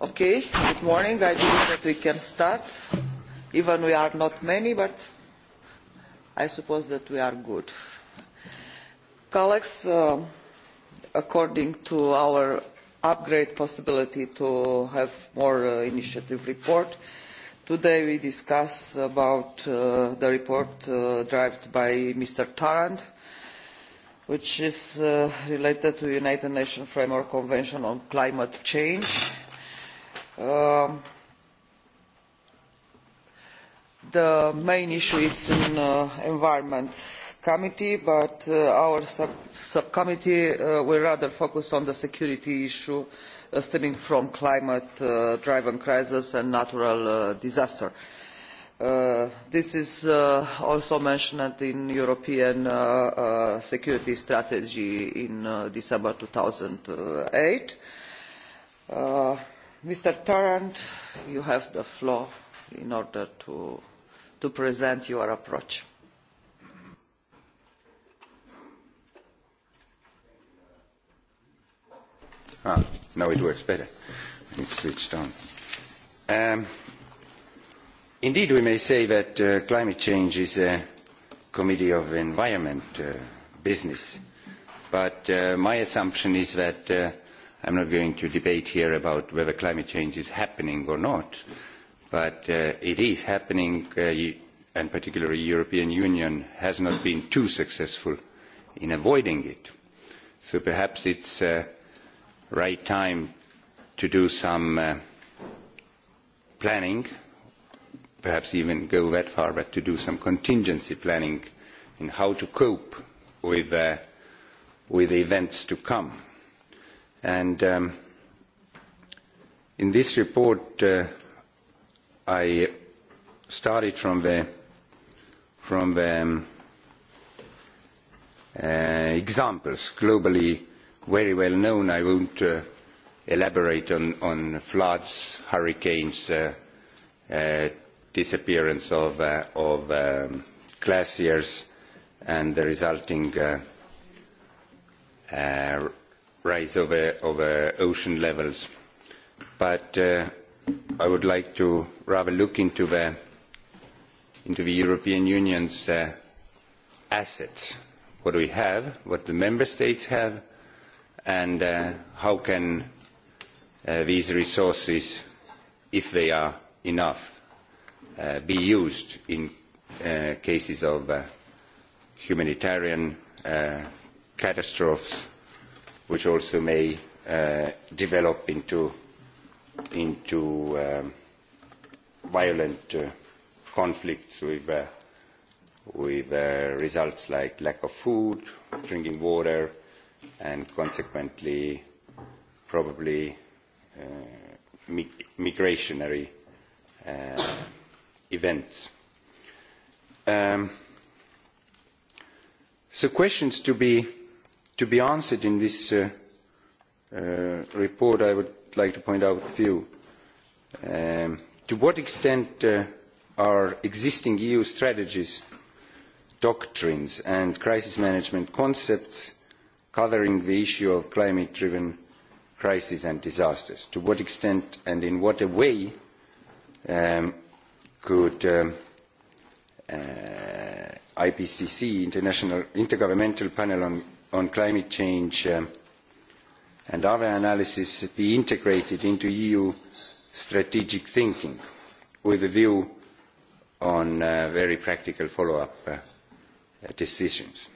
Okay, good morning. I believe that we can start, even we are not many, but I suppose that we are good. Colleagues, uh, according to our upgrade possibility to have more uh, initiative report, today we discuss about uh, the report uh, drived by Mr. Tarrant, which is uh, related to the United Nations Framework Convention on Climate Change Um, the main issue is in uh, environment committee, but uh, our sub subcommittee uh, will rather focus on the security issue uh, stemming from climate-driven uh, crisis and natural uh, disaster. Uh, this is uh, also mentioned in European uh, uh, security strategy in uh, December 2008. Uh, Mr. Tarrant, you have the floor in order to, to present your approach. Ah, now it works better. It's switched on. Um, indeed, we may say that uh, climate change is a committee of environment uh, business, but uh, my assumption is that uh, I'm not going to debate here about whether climate change is happening or not, but uh, it is happening, uh, and particularly the European Union has not been too successful in avoiding it. So perhaps it's uh, right time to do some uh, planning, perhaps even go that far, but to do some contingency planning in how to cope with, uh, with events to come. And um, in this report, uh, I started from the, from the um, uh, examples globally very well known. I won't uh, elaborate on, on floods, hurricanes, uh, uh, disappearance of, uh, of um, glaciers and the resulting uh, uh, rise of, uh, uh, ocean levels. But uh, I would like to rather look into the, into the European Union's uh, assets, what we have, what the member states have, and uh, how can uh, these resources, if they are enough, uh, be used in uh, cases of uh, humanitarian uh, catastrophes which also may uh, develop into, into um, violent uh, conflicts with, uh, with uh, results like lack of food, drinking water, and consequently probably uh, migrationary uh, events. Um, so questions to be to be answered in this uh, uh, report, I would like to point out a few. Um, to what extent uh, are existing EU strategies, doctrines and crisis management concepts covering the issue of climate-driven crises and disasters? To what extent and in what a way um, could um, uh, IPCC, International Intergovernmental Panel on on climate change um, and other analysis be integrated into EU strategic thinking with a view on uh, very practical follow-up uh, decisions.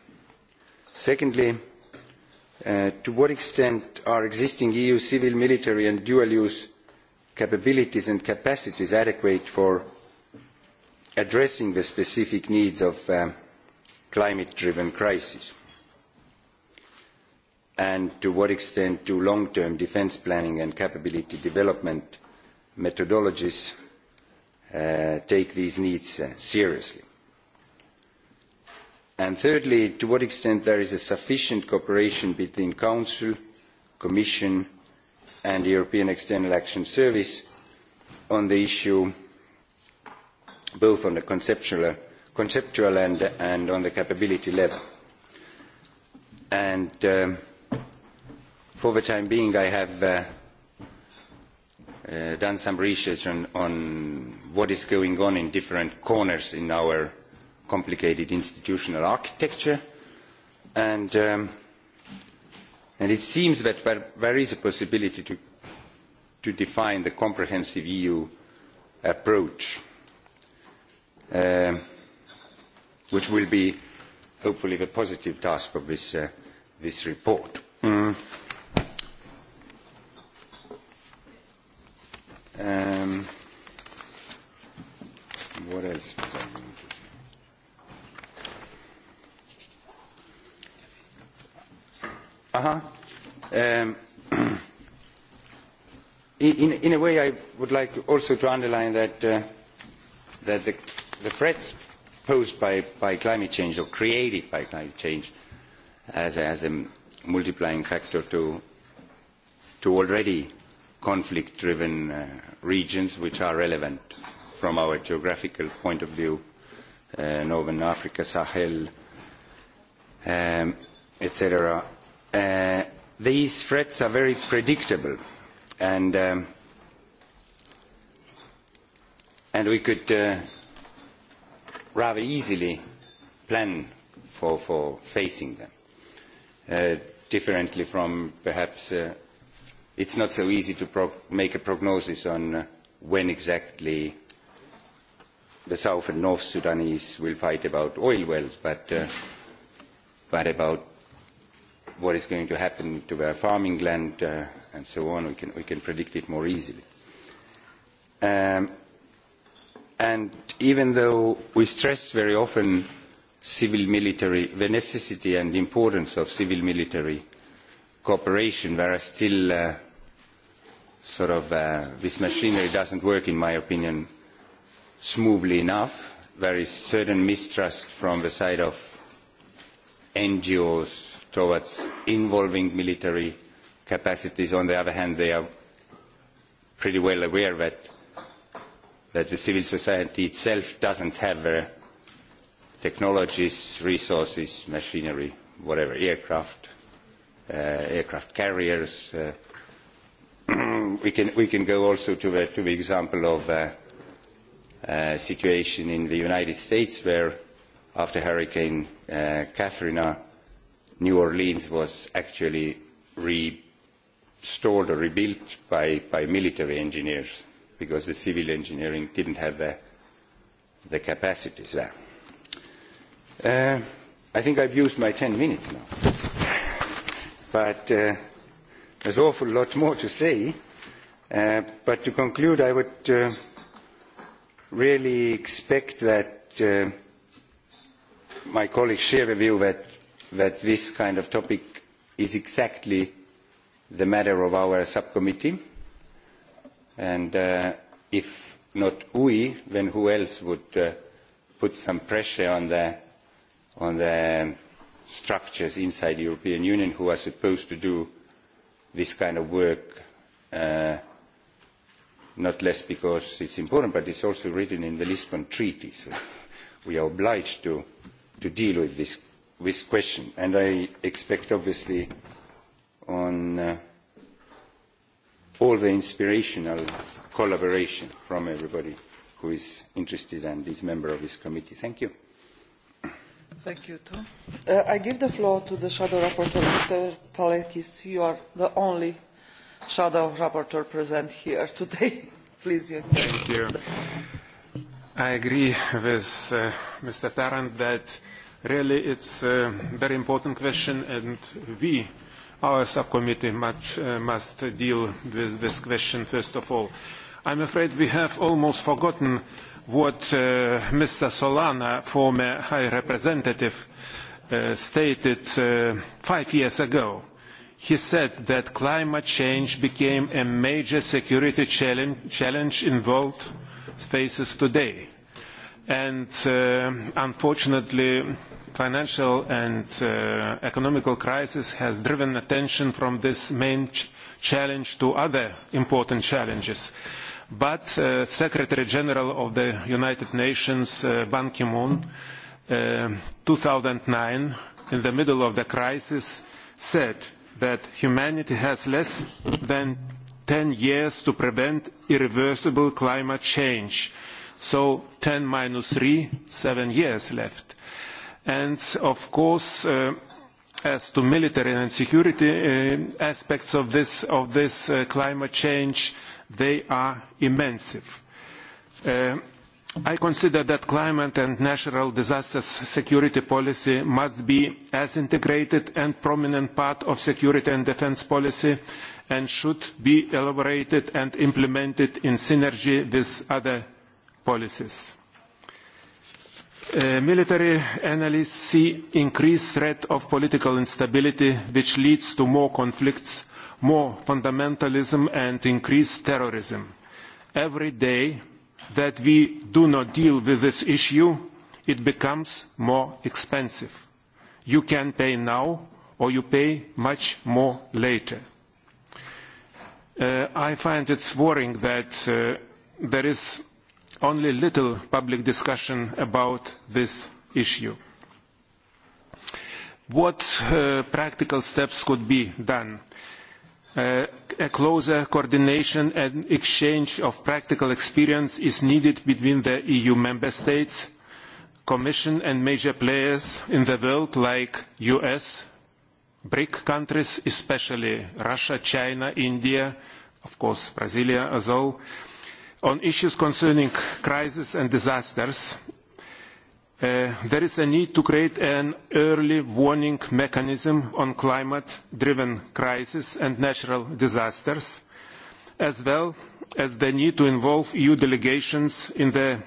Secondly, uh, to what extent are existing EU civil, military and dual-use capabilities and capacities adequate for addressing the specific needs of um, climate-driven crises? and to what extent do long-term defence planning and capability development methodologies uh, take these needs uh, seriously? And thirdly, to what extent there is a sufficient cooperation between Council, Commission and the European External Action Service on the issue both on the conceptual, conceptual and, and on the capability level. And um, For the time being, I have uh, uh, done some research on, on what is going on in different corners in our complicated institutional architecture, and, um, and it seems that there, there is a possibility to, to define the comprehensive EU approach, uh, which will be hopefully the positive task of this, uh, this report. Mm. Um, what else was I going to Uh -huh. um, in, in a way, I would like also to underline that, uh, that the, the threats posed by, by climate change or created by climate change as a, as a multiplying factor to, to already conflict-driven uh, regions which are relevant from our geographical point of view, uh, Northern Africa, Sahel, um, etc. Uh, these threats are very predictable and, um, and we could uh, rather easily plan for, for facing them, uh, differently from perhaps uh, it's not so easy to pro make a prognosis on uh, when exactly the South and North Sudanese will fight about oil wells, but, uh, but about what is going to happen to their farming land uh, and so on, we can, we can predict it more easily. Um, and even though we stress very often civil military, the necessity and importance of civil military cooperation where I still uh, sort of uh, this machinery doesn't work in my opinion smoothly enough. There is certain mistrust from the side of NGOs towards involving military capacities. On the other hand, they are pretty well aware that, that the civil society itself doesn't have the technologies, resources, machinery, whatever, aircraft Uh, aircraft carriers. Uh, we, can, we can go also to the, to the example of uh, uh, situation in the United States where after Hurricane uh, Katrina, New Orleans was actually restored or rebuilt by, by military engineers because the civil engineering didn't have the, the capacities there. Uh, I think I've used my 10 minutes now but uh, there's an awful lot more to say. Uh, but to conclude, I would uh, really expect that uh, my colleagues share a view that, that this kind of topic is exactly the matter of our subcommittee. And uh, if not we, then who else would uh, put some pressure on the, on the structures inside the European Union who are supposed to do this kind of work, uh, not less because it is important, but it is also written in the Lisbon Treaty. So we are obliged to, to deal with this, this, question. And I expect, obviously, on uh, all the inspirational collaboration from everybody who is interested and is a member of this committee. Thank you. Thank you, Tom. Uh, I give the floor to the Shadow Rapporteur, Mr. Palekis. You are the only Shadow Rapporteur present here today. Please, you. Thank you. I agree with uh, Mr. Tarrant that really it's a very important question and we, our subcommittee, much, uh, must deal with this question first of all. I'm afraid we have almost forgotten what uh, Mr. Solana, former High Representative, uh, stated uh, five years ago. He said that climate change became a major security challenge, challenge in world faces today. And uh, unfortunately, financial and uh, economical crisis has driven attention from this main ch challenge to other important challenges. But uh, Secretary General of the United Nations, uh, Ban Ki-moon, uh, 2009, in the middle of the crisis, said that humanity has less than 10 years to prevent irreversible climate change. So 10 minus 3, 7 years left. And of course, uh, as to military and security uh, aspects of this, of this uh, climate change, uh, they are immense. Uh, I consider that climate and natural disasters security policy must be as integrated and prominent part of security and defence policy and should be elaborated and implemented in synergy with other policies. Uh, military analysts see increased threat of political instability which leads to more conflicts more fundamentalism and increased terrorism. Every day that we do not deal with this issue, it becomes more expensive. You can pay now or you pay much more later. Uh, I find it worrying that uh, there is only little public discussion about this issue. What uh, practical steps could be done? Uh, a closer coordination and exchange of practical experience is needed between the EU member states, Commission and major players in the world like US, BRIC countries, especially Russia, China, India, of course Brazilia as well, on issues concerning crises and disasters Uh, there is a need to create an early warning mechanism on climate-driven crisis and natural disasters, as well as the need to involve EU delegations in the,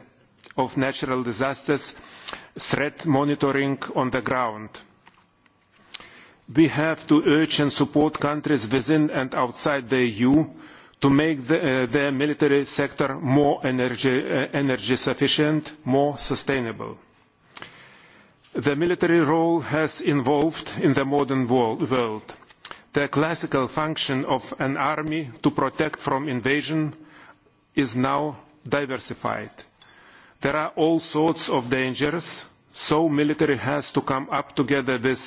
of natural disasters threat monitoring on the ground. We have to urge and support countries within and outside the EU to make uh, their uh, the military sector more energy, uh, energy sufficient, more sustainable. The military role has evolved in the modern world. The classical function of an army to protect from invasion is now diversified. There are all sorts of dangers, so military has to come up together with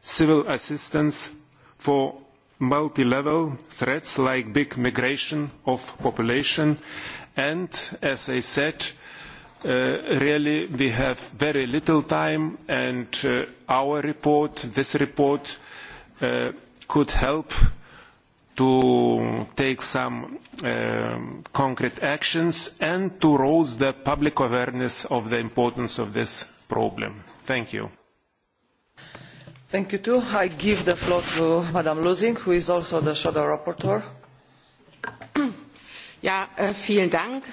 civil assistance for multi-level threats like big migration of population and, as I said, Uh, really we have very little time and uh, our report, this report uh, could help to take some um, concrete actions and to raise the public awareness of the importance of this problem. Thank you. Thank you too. I give the floor to Madam Lusing, who is also the shadow rapporteur. Ja, äh, vielen Dank.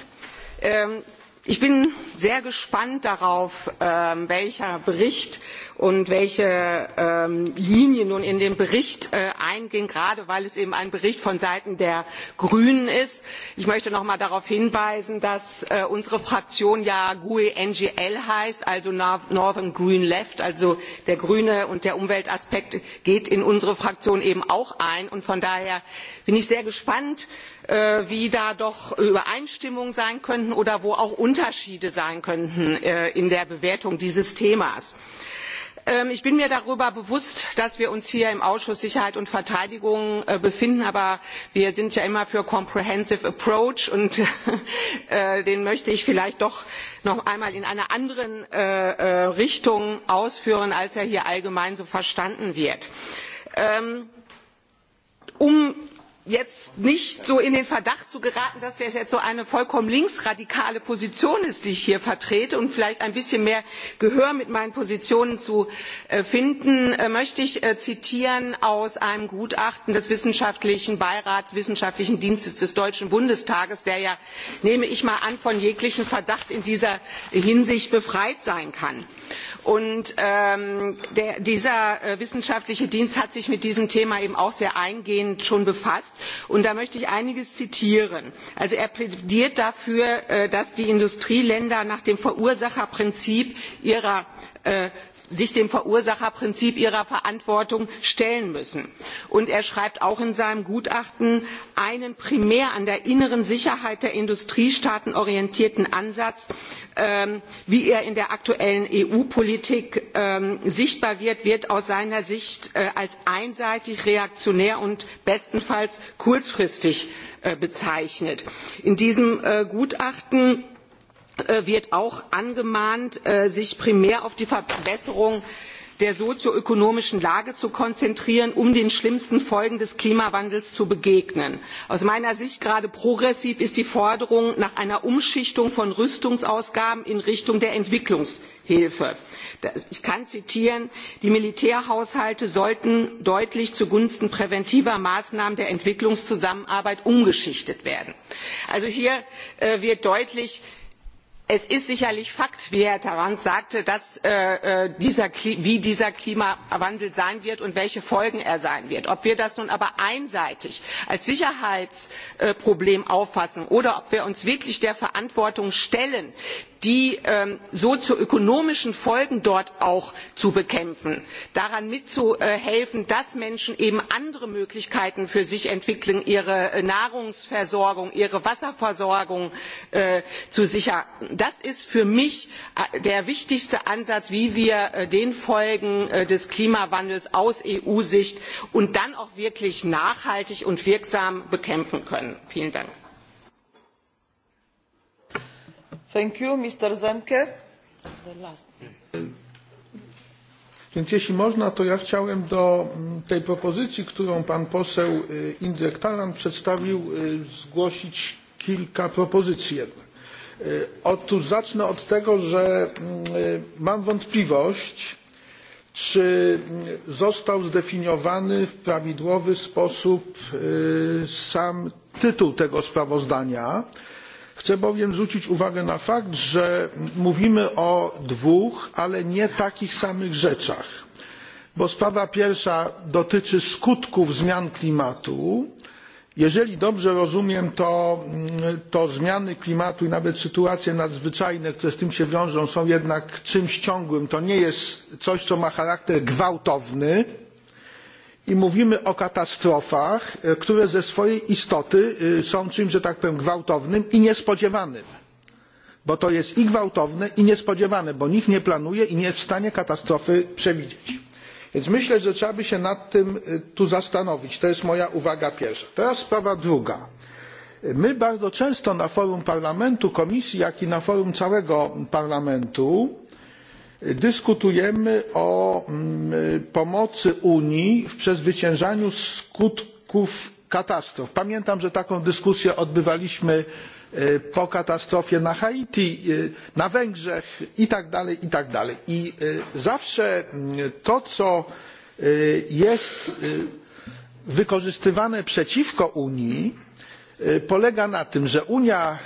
Ähm, Ich bin sehr gespannt darauf, ähm, welcher Bericht und welche ähm, Linie nun in den Bericht äh, eingehen, gerade weil es eben ein Bericht von Seiten der Grünen ist. Ich möchte noch einmal darauf hinweisen, dass äh, unsere Fraktion ja GUE NGL heißt, also Northern Green Left, also der grüne und der Umweltaspekt geht in unsere Fraktion eben auch ein und von daher bin ich sehr gespannt, Äh, wie da doch Übereinstimmungen sein könnten oder wo auch Unterschiede sein könnten äh, in der Bewertung dieses Themas. Ähm, ich bin mir darüber bewusst, dass wir uns hier im Ausschuss Sicherheit und Verteidigung äh, befinden, aber wir sind ja immer für Comprehensive Approach und den möchte ich vielleicht doch noch einmal in einer anderen Richtung ausführen, als er hier allgemein so verstanden wird. Ähm, um jetzt nicht so in den Verdacht zu geraten, dass das jetzt so eine vollkommen linksradikale Position ist, die ich hier vertrete und vielleicht ein bisschen mehr Gehör mit meinen Positionen zu äh, finden, äh, möchte ich äh, zitieren aus einem Gutachten des Wissenschaftlichen Beirats, Wissenschaftlichen Dienstes des Deutschen Bundestages, der ja, nehme ich mal an, von jeglichem Verdacht in dieser Hinsicht befreit sein kann. Und ähm, der, dieser äh, wissenschaftliche Dienst hat sich mit diesem Thema eben auch sehr eingehend schon befasst. Und da möchte ich einiges zitieren. Also er plädiert dafür, äh, dass die Industrieländer nach dem Verursacherprinzip ihrer äh, sich dem Verursacherprinzip ihrer Verantwortung stellen müssen. Und er schreibt auch in seinem Gutachten einen primär an der inneren Sicherheit der Industriestaaten orientierten Ansatz, ähm, wie er in der aktuellen EU-Politik ähm, sichtbar wird, wird aus seiner Sicht äh, als einseitig, reaktionär und bestenfalls kurzfristig äh, bezeichnet. In diesem äh, Gutachten Äh, wird auch angemahnt, äh, sich primär auf die Verbesserung der sozioökonomischen Lage zu konzentrieren, um den schlimmsten Folgen des Klimawandels zu begegnen. Aus meiner Sicht gerade progressiv ist die Forderung nach einer Umschichtung von Rüstungsausgaben in Richtung der Entwicklungshilfe. Ich kann zitieren, die Militärhaushalte sollten deutlich zugunsten präventiver Maßnahmen der Entwicklungszusammenarbeit umgeschichtet werden. Also hier äh, wird deutlich, es ist sicherlich Fakt, wie Herr Tarand sagte, dass, äh, äh dieser, wie dieser Klimawandel sein wird und welche Folgen er sein wird. Ob wir das nun aber einseitig als Sicherheitsproblem auffassen oder ob wir uns wirklich der Verantwortung stellen, die ähm, sozioökonomischen Folgen dort auch zu bekämpfen, daran mitzuhelfen, dass Menschen eben andere Möglichkeiten für sich entwickeln, ihre äh, Nahrungsversorgung, ihre Wasserversorgung äh, zu sichern. Das ist für mich äh, der wichtigste Ansatz, wie wir äh, den Folgen äh, des Klimawandels aus EU-Sicht und dann auch wirklich nachhaltig und wirksam bekämpfen können. Vielen Dank. Thank you, Mr. Zemke. The last. Więc jeśli można, to ja chciałem do mm, tej propozycji, którą pan poseł Indrek Taran przedstawił, zgłosić kilka propozycji jednak. Otóż zacznę od tego, że mm, mam wątpliwość, czy mm, został zdefiniowany w prawidłowy sposób sam tytuł tego sprawozdania. Chcę bowiem zwrócić uwagę na fakt, że mówimy o dwóch, ale nie takich samych rzeczach. Bo sprawa pierwsza dotyczy skutków zmian klimatu. Jeżeli dobrze rozumiem, to, mm, to zmiany klimatu i nawet sytuacje nadzwyczajne, które z tym się wiążą, są jednak czymś ciągłym. To nie jest coś, co ma charakter gwałtowny, i mówimy o katastrofach, e, które ze swojej istoty e, są czymś, że tak powiem, gwałtownym i niespodziewanym. Bo to jest i gwałtowne, i niespodziewane, bo nikt nie planuje i nie jest w stanie katastrofy przewidzieć. Więc myślę, że trzeba by się nad tym e, tu zastanowić. To jest moja uwaga pierwsza. Teraz sprawa druga. My bardzo często na forum parlamentu, komisji, jak i na forum całego parlamentu dyskutujemy o mm, pomocy Unii w przezwyciężaniu skutków katastrof. Pamiętam, że taką dyskusję odbywaliśmy e, po katastrofie na Haiti, e, na Węgrzech itd. dalej. I e, zawsze mm, to, co jest wykorzystywane przeciwko Unii, polega na tym, że Unia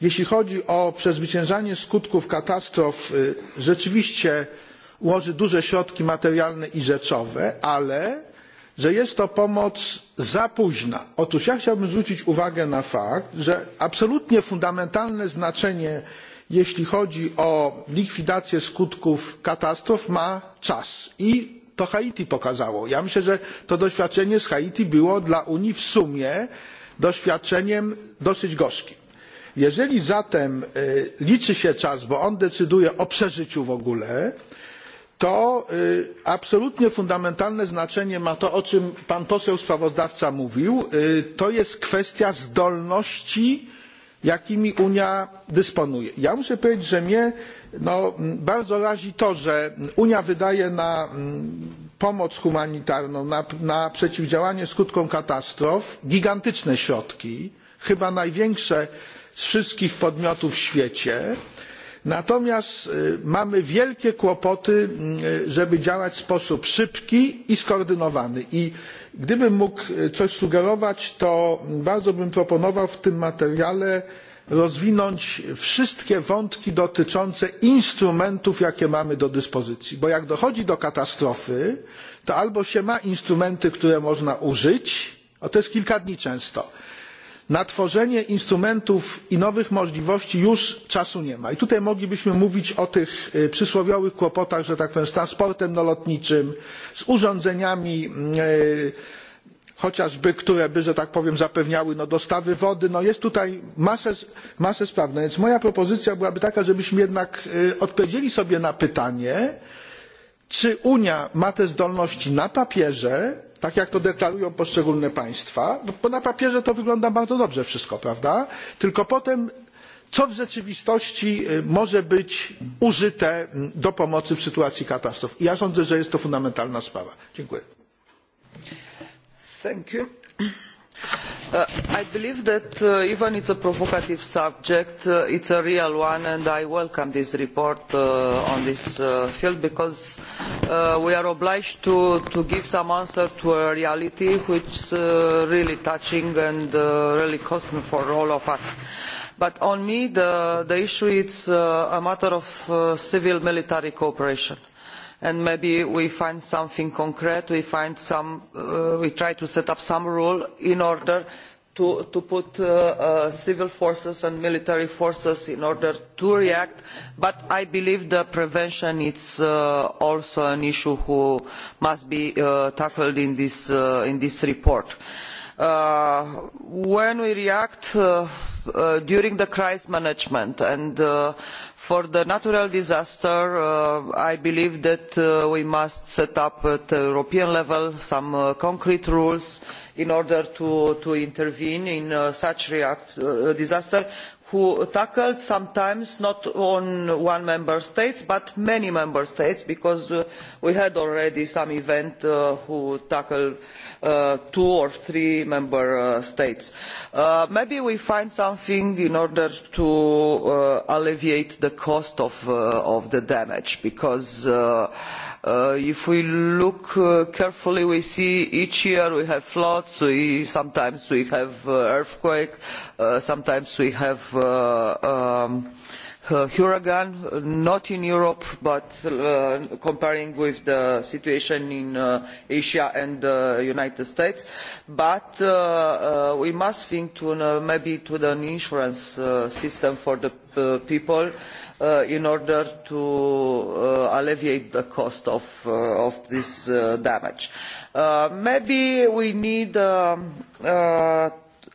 Jeśli chodzi o przezwyciężanie skutków katastrof, rzeczywiście ułoży duże środki materialne i rzeczowe, ale że jest to pomoc za późna. Otóż ja chciałbym zwrócić uwagę na fakt, że absolutnie fundamentalne znaczenie, jeśli chodzi o likwidację skutków katastrof, ma czas. I to Haiti pokazało. Ja myślę, że to doświadczenie z Haiti było dla Unii w sumie doświadczeniem dosyć gorzkim. Jeżeli zatem e, liczy się czas, bo on decyduje o przeżyciu w ogóle, to e, absolutnie fundamentalne znaczenie ma to, o czym pan poseł sprawozdawca mówił, e, to jest kwestia zdolności, jakimi Unia dysponuje. Ja muszę powiedzieć, że mnie no, bardzo razi to, że Unia wydaje na mm, pomoc humanitarną, na, na przeciwdziałanie skutkom katastrof gigantyczne środki, chyba największe z wszystkich podmiotów w świecie. Natomiast mamy wielkie kłopoty, żeby działać w sposób szybki i skoordynowany. I gdybym mógł coś sugerować, to bardzo bym proponował w tym materiale rozwinąć wszystkie wątki dotyczące instrumentów, jakie mamy do dyspozycji. Bo jak dochodzi do katastrofy, to albo się ma instrumenty, które można użyć, a to jest kilka dni często, Na tworzenie instrumentów i nowych możliwości już czasu nie ma. I tutaj moglibyśmy mówić o tych przysłowiowych kłopotach, że tak powiem, z transportem lotniczym, z urządzeniami mm, chociażby, które by, że tak powiem, zapewniały no, dostawy wody. No, jest tutaj masę, masę spraw. No, więc moja propozycja byłaby taka, żebyśmy jednak odpowiedzieli sobie na pytanie, czy Unia ma te zdolności na papierze, tak jak to deklarują poszczególne państwa, bo na papierze to wygląda bardzo dobrze wszystko, prawda? Tylko potem co w rzeczywistości może być użyte do pomocy w sytuacji katastrof. I ja sądzę, że jest to fundamentalna sprawa. Dziękuję. Uh, I believe that uh, even it's a provocative subject, uh, it's a real one, and I welcome this report uh, on this uh, field because uh, we are obliged to, to give some answer to a reality which is uh, really touching and uh, really costly for all of us. But on me, the, the issue is uh, a matter of uh, civil-military cooperation and maybe we find something concrete, we, find some, uh, we try to set up some rule in order to, to put uh, uh, civil forces and military forces in order to react, but I believe that prevention is uh, also an issue that must be uh, tackled in this, uh, in this report. Uh, when we react during the crisis management and For the natural disaster, uh, I believe that uh, we must set up at European level some uh, concrete rules in order to, intervene in such a disaster who tackled sometimes not on one member state but many member states because we had already some events which tackled Uh, two or three member uh, states. Uh, maybe we find something in order to alleviate the cost of, the damage because if we look carefully we see each year we have floods, sometimes we have earthquakes earthquake, sometimes we have um, Uh, huracan, not in Europe, but uh, comparing with the situation in uh, Asia and the United States. But uh, uh we must think to uh, maybe to an insurance system for the people in order to alleviate the cost of, of this damage. maybe we need um,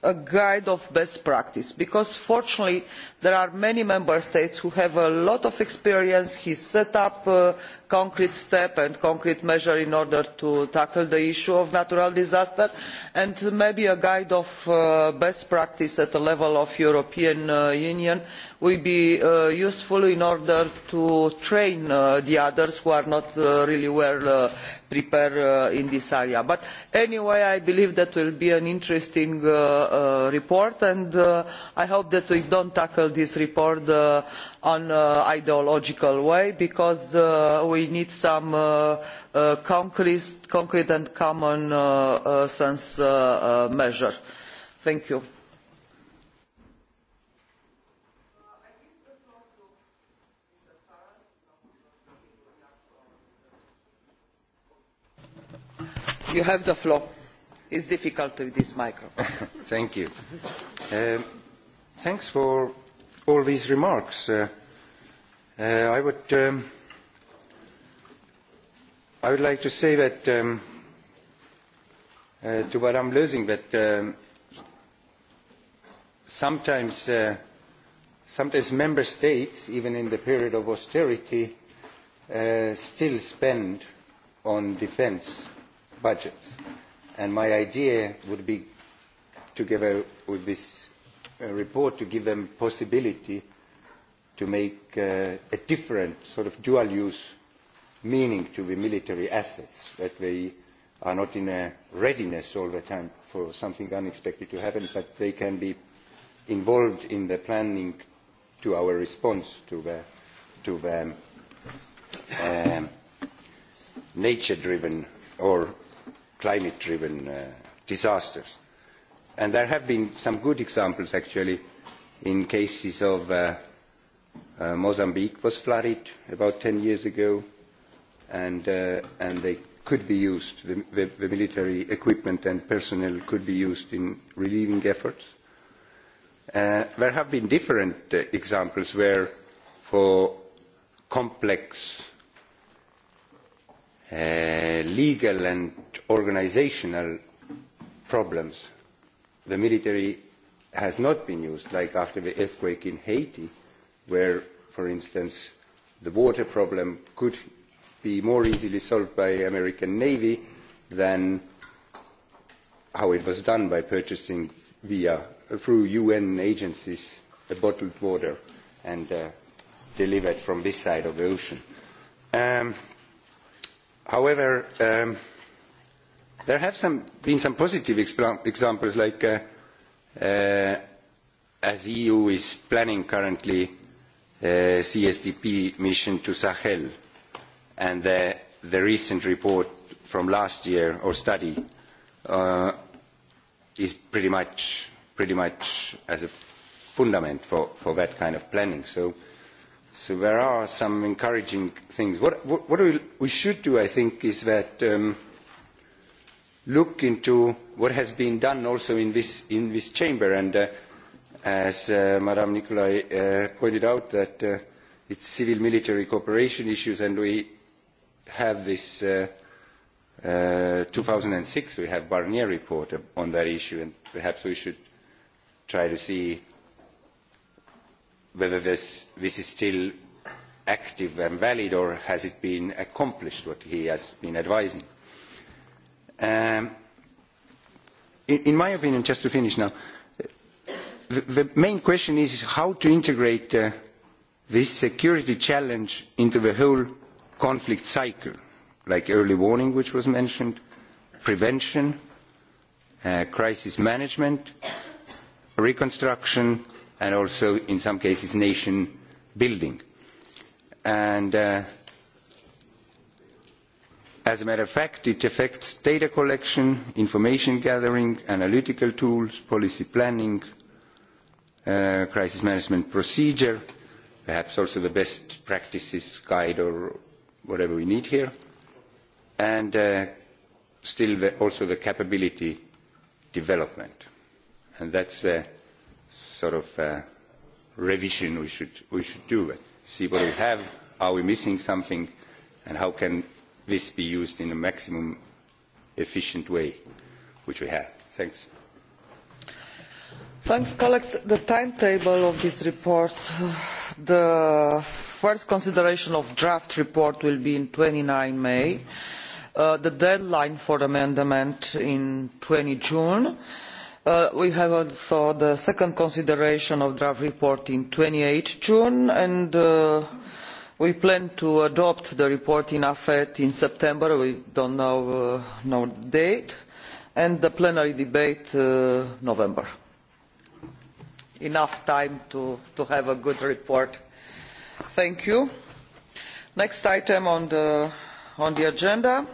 a guide of best practice because fortunately there are many member states who have a lot of experience. he set up uh, concrete steps and concrete measures in order to tackle the issue of natural disasters and maybe a guide of uh, best practice at the level of the european uh, union will be useful in order to train the others who are not really well prepared in this area. but anyway i believe that will be an interesting report and i hope that we do not tackle this report uh, on uh, ideological way because uh, we need some uh, uh, concrete, concrete and common uh, uh, sense uh, uh, measure. Thank you. You have the floor. It's difficult with this microphone. Thank you. Um, thanks for all these remarks. Uh, uh, I, would, um, I would like to say that um, uh, to I'm losing that um, sometimes, uh, sometimes member states, even in the period of austerity, uh, still spend on defense budgets. And my idea would be, together with this report to give them possibility to make uh, a different sort of dual use meaning to the military assets, that they are not in a readiness all the time for something unexpected to happen, but they can be involved in the planning to our response to the, to the um, um nature-driven or climate-driven uh, disasters. And there have been some good examples, actually, in cases of uh, uh, Mozambique was flooded about 10 years ago, and, uh, and they could be used, the, the, the military equipment and personnel could be used in relieving efforts. Uh, there have been different uh, examples where for complex uh, legal and organizational problems the military has not been used, like after the earthquake in Haiti, where, for instance, the water problem could be more easily solved by the American Navy than how it was done by purchasing via, through UN agencies the bottled water and uh, delivered from this side of the ocean. Um, however, um, There have some, been some positive examples like uh, uh, as EU is planning currently uh, CSDP mission to Sahel and the, the recent report from last year or study uh, is pretty much, pretty much as a fundament for, for that kind of planning. So, so there are some encouraging things. What, what, what we, we should do, I think, is that um, – look into what has been done also in this, in this chamber. And uh, as uh, Madame Nicolai uh, pointed out, that uh, it's civil-military cooperation issues, and we have this uh, uh, 2006, we have Barnier report on that issue, and perhaps we should try to see whether this, this is still active and valid, or has it been accomplished, what he has been advising. Um, in, in my opinion, just to finish now, the, the main question is how to integrate uh, this security challenge into the whole conflict cycle, like early warning, which was mentioned, prevention, uh, crisis management, reconstruction, and also, in some cases, nation building. And uh, As a matter of fact, it affects data collection, information gathering, analytical tools, policy planning, uh, crisis management procedure, perhaps also the best practices guide or whatever we need here, and uh, still the, also the capability development. And that's the sort of uh, revision we should, we should do, see what we have, are we missing something, and how can this be used in a maximum efficient way, which we have. Thanks. Thanks, colleagues. The timetable of this report, the first consideration of draft report will be in 29 May, uh, the deadline for amendment in 20 June, Uh, we have also the second consideration of draft report in 28 June and uh, We plan to adopt the report in AFET in September, we don't know uh, no date, and the plenary debate uh, November. Enough time to, to have a good report. Thank you. Next item on the, on the agenda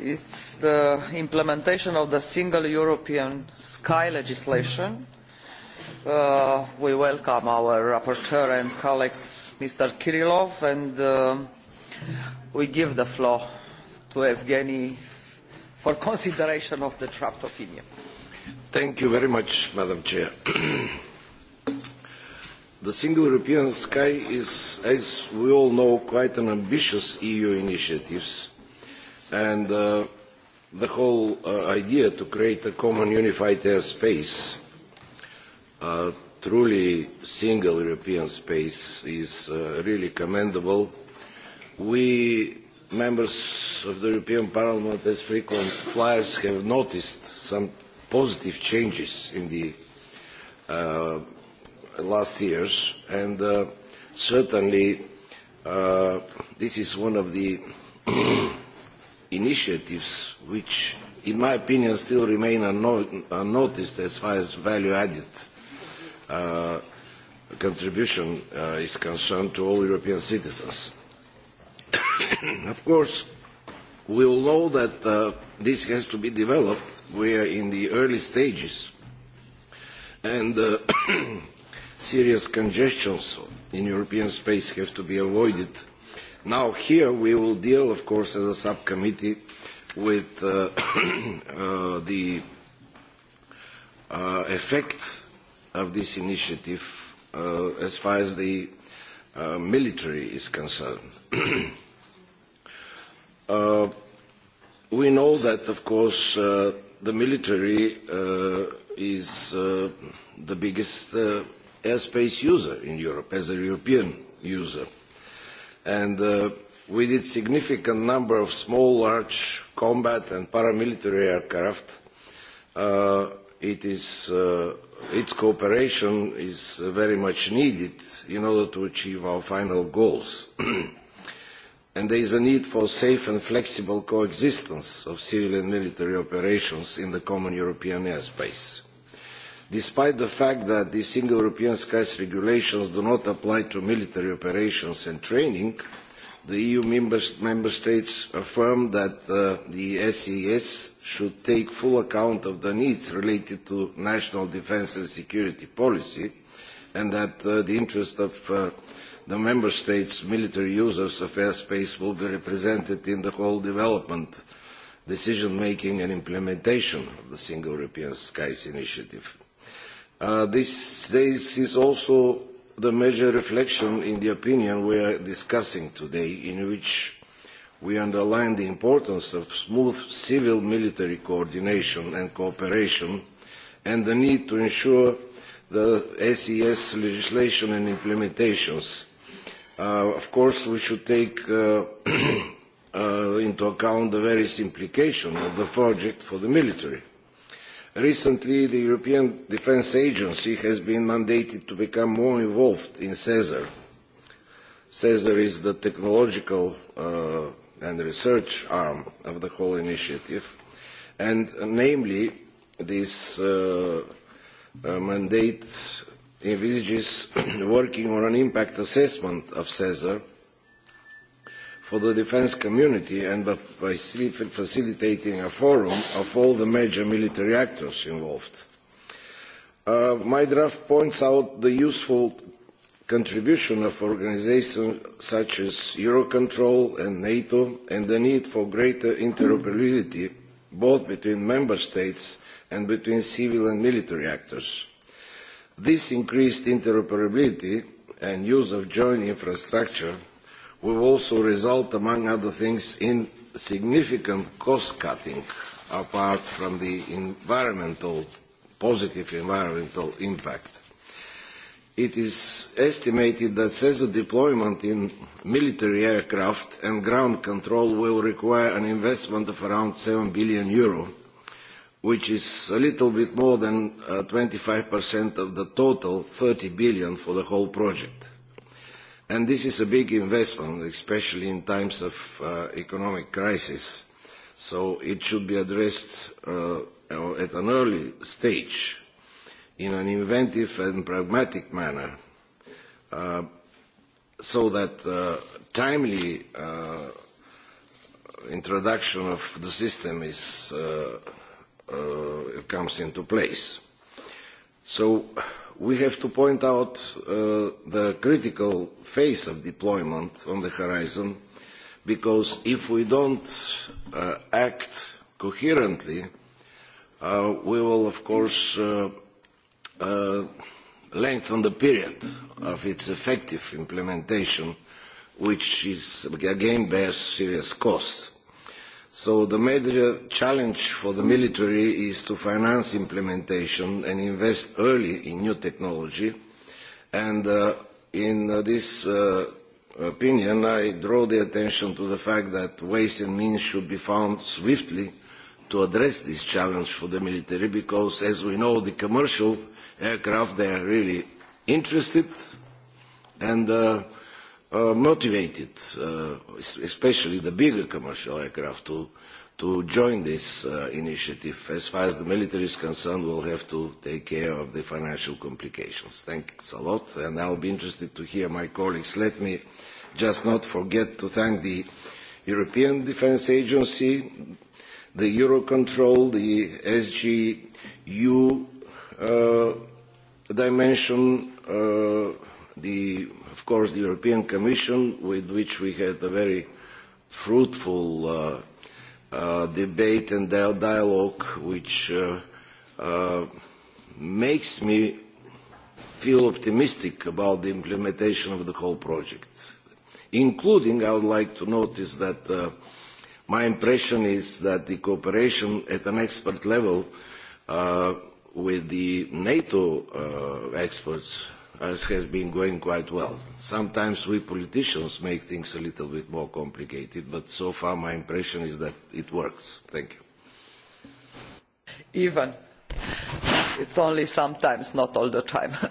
is the implementation of the single European sky legislation. Mm -hmm Uh, we welcome our rapporteur and colleagues, Mr. Kirillov, and uh, we give the floor to Evgeny for consideration of the draft opinion. Thank you very much, Madam Chair. the Single European Sky is, as we all know, quite an ambitious EU initiative, and uh, the whole uh, idea to create a common unified airspace a truly single European space is uh, really commendable. We, members of the European Parliament, as frequent flyers, have noticed some positive changes in the uh, last years, and uh, certainly uh, this is one of the initiatives which, in my opinion, still remain unnoticed as far as value added Uh, contribution uh, is concerned to all European citizens. of course, we all know that uh, this has to be developed. We are in the early stages, and uh, serious congestions in European space have to be avoided. Now, here we will deal, of course, as a subcommittee with uh, uh, the uh, effect of this initiative uh, as far as the uh, military is concerned. uh, we know that, of course, uh, the military uh, is uh, the biggest uh, airspace user in Europe, as a European user. And uh, with its significant number of small, large combat and paramilitary aircraft, uh, it is uh, its cooperation is very much needed in order to achieve our final goals. and there is a need for safe and flexible coexistence of civil and military operations in the common European airspace. Despite the fact that the single European skies regulations do not apply to military operations and training, the EU member, member states affirm that uh, the SES e should take full account of the needs related to national defence and security policy and that uh, the interest of uh, the member states' military users of airspace will be represented in the whole development, decision-making and implementation of the Single European Skies Initiative. Uh, this, this is also the major reflection in the opinion we are discussing today, in which we underline the importance of smooth civil-military coordination and cooperation and the need to ensure the SES e legislation and implementations. Uh, of course, we should take uh, uh, into account the various implications of the project for the military. Recently, the European Defence Agency has been mandated to become more involved in CESAR. CESAR is the technological uh, and research arm of the whole initiative, and uh, namely, this uh, uh, mandate envisages working on an impact assessment of CESAR for the defense community and by facilitating a forum of all the major military actors involved. Uh, my draft points out the useful contribution of organisations such as Eurocontrol and NATO and the need for greater interoperability both between member states and between civil and military actors. This increased interoperability and use of joint infrastructure will also result, among other things, in significant cost-cutting apart from the environmental, positive environmental impact. It is estimated that CESU deployment in military aircraft and ground control will require an investment of around 7 billion euro, which is a little bit more than uh, five of the total 30 billion for the whole project. And this is a big investment, especially in times of uh, economic crisis. So it should be addressed uh, at an early stage in an inventive and pragmatic manner uh, so that uh, timely uh, introduction of the system is, uh, uh, comes into place. So we have to point out uh, the critical phase of deployment on the horizon because if we don't uh, act coherently, uh, we will, of course, uh, uh, lengthen the period of its effective implementation, which is, again bears serious costs. So the major challenge for the military is to finance implementation and invest early in new technology. And uh, in uh, this uh, opinion, I draw the attention to the fact that ways and means should be found swiftly to address this challenge for the military because, as we know, the commercial aircraft, they are really interested and uh, uh, motivated, uh, especially the bigger commercial aircraft, to, to join this uh, initiative. As far as the military is concerned, we'll have to take care of the financial complications. Thanks a lot, and I'll be interested to hear my colleagues. Let me just not forget to thank the European Defence Agency, the Eurocontrol, the SGU uh, dimension, uh, the of course, the European Commission, with which we had a very fruitful uh, uh, debate and dialogue, which uh, uh, makes me feel optimistic about the implementation of the whole project. Including, I would like to notice that uh, my impression is that the cooperation at an expert level uh, with the NATO uh, experts uh, has been going quite well. Sometimes we politicians make things a little bit more complicated, but so far my impression is that it works. Thank you. Ivan, it's only sometimes, not all the time.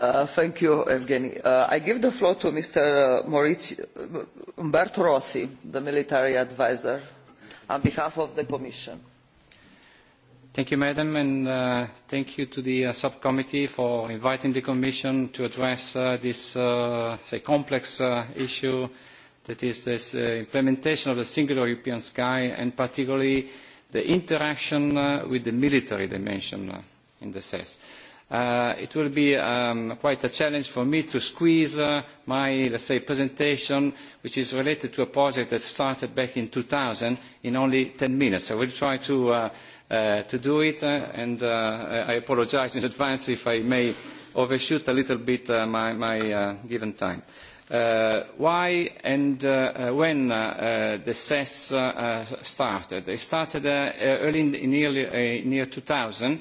Uh, thank you, Evgeny. Uh, I give the floor to Mr. Uh, Maurizio, uh, Umberto Rossi, the military advisor, on behalf of the Commission. Thank you, Madam, and uh, thank you to the uh, subcommittee for inviting the Commission to address uh, this uh, say complex uh, issue that is this uh, implementation of the single European sky and particularly the interaction uh, with the military dimension uh, in the CES. Uh, it will be um, quite a challenge for me to squeeze uh, my, let's say, presentation, which is related to a project that started back in 2000, in only 10 minutes. I will try to, uh, uh, to do it, uh, and uh, I apologize in advance if I may overshoot a little bit uh, my, my uh, given time. Uh, why and uh, uh when uh, uh, the CES uh, uh, started? It started uh, early in, in, early, uh, near 2000,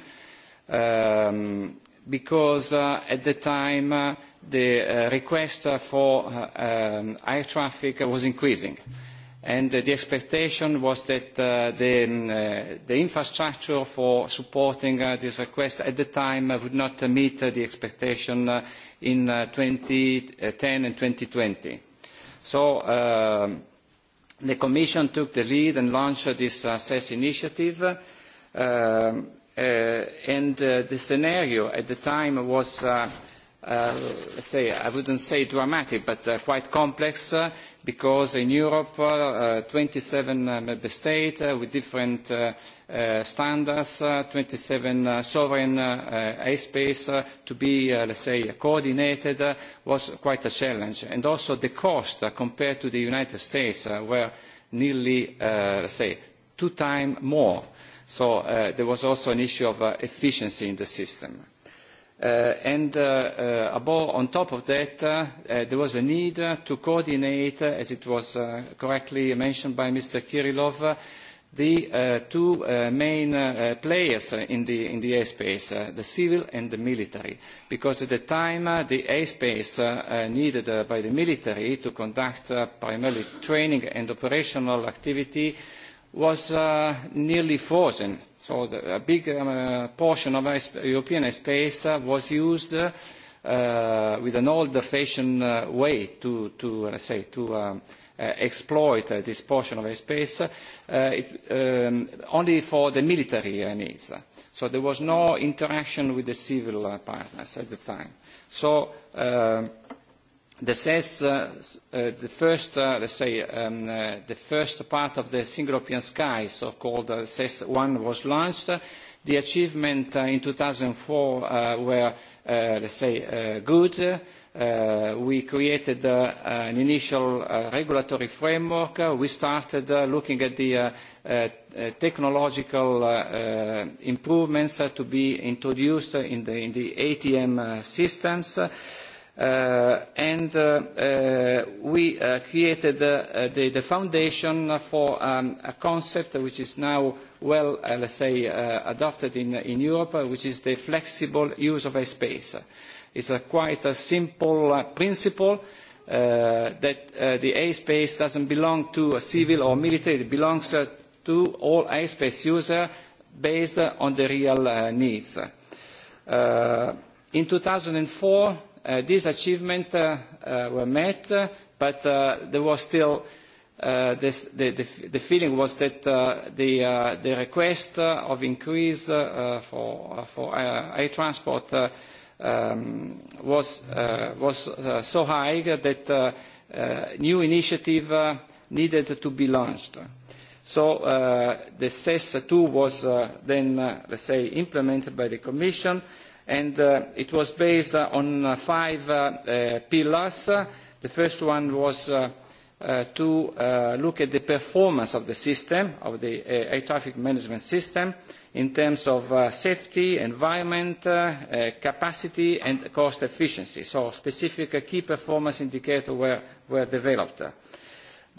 um, because uh, at the time uh, the uh, request for uh, um, air traffic was increasing and uh, the expectation was that uh, the, um, uh, the infrastructure for supporting uh, this request at the time uh, would not uh, meet uh, the expectation uh, in uh, 2010 and 2020. So uh, the Commission took the lead and launched this uh, SES initiative. Uh, Uh, and uh, the scenario at the time was, uh, uh, let's say, I wouldn't say dramatic, but uh, quite complex uh, because in Europe, uh, 27 uh, uh, member states uh, with different uh, uh, standards, uh, 27 uh, sovereign uh, uh, airspace uh, to be, uh, let's say, coordinated uh, was quite a challenge. And also the cost uh, compared to the United States uh, were nearly, uh, let's say, two times more. So uh, there was also an issue of uh, efficiency in the system. Uh, and uh, uh, above, on top of that, uh, uh, there was a need uh, to coordinate, uh, as it was uh, correctly mentioned by Mr. Kirillov, uh, the uh, two uh, main uh, players in the, in the airspace, uh, the civil and the military, because at the time uh, the airspace uh, uh, needed uh, by the military to conduct uh, primarily training and operational activity uh, was uh, nearly frozen. So the, a big um, uh, portion of European space uh, was used uh, with an old-fashioned uh, way to, to uh, say, to um, uh, exploit uh, this portion of space, uh, it, um, only for the military uh, needs. So there was no interaction with the civil uh, partners at the time. So. Uh, This is uh, uh, the first, uh, let's say, um, uh, the first part of the Single European Sky, so-called uh, CES-1, was launched. The achievement uh, in 2004 uh, were, uh, let's say, uh, good. Uh, we created uh, an initial uh, regulatory framework. Uh, we started uh, looking at the uh, uh, uh technological uh, uh, improvements uh, to be introduced in the, in the ATM uh, systems. Uh, Uh, and uh, uh, we uh, created uh, the, the foundation for um, a concept which is now well, uh, let's say, uh, adopted in, in Europe, uh, which is the flexible use of a space. It's a quite a simple uh, principle uh, that uh, the space doesn't belong to a civil or military, it belongs uh, to all airspace users based on the real uh, needs. Uh, in 2004, Uh, these achievements uh, uh, were met, uh, but uh, there was still uh, this, the, the, the feeling was that uh, the, uh, the request uh, of increase uh, uh for, uh, for uh, air transport uh, um, was, uh, was uh, so high that uh, uh, new initiative uh, needed to be launched. So uh, the CES2 was uh, then, uh, let's say, implemented by the Commission. Uh, and uh, it was based uh, on uh, five uh, uh, pillars. The first one was uh, uh, to uh, look at the performance of the system, of the uh, air traffic management system, in terms of uh, safety, environment, uh, uh, capacity and cost efficiency. So specific uh, key performance indicators were, were developed.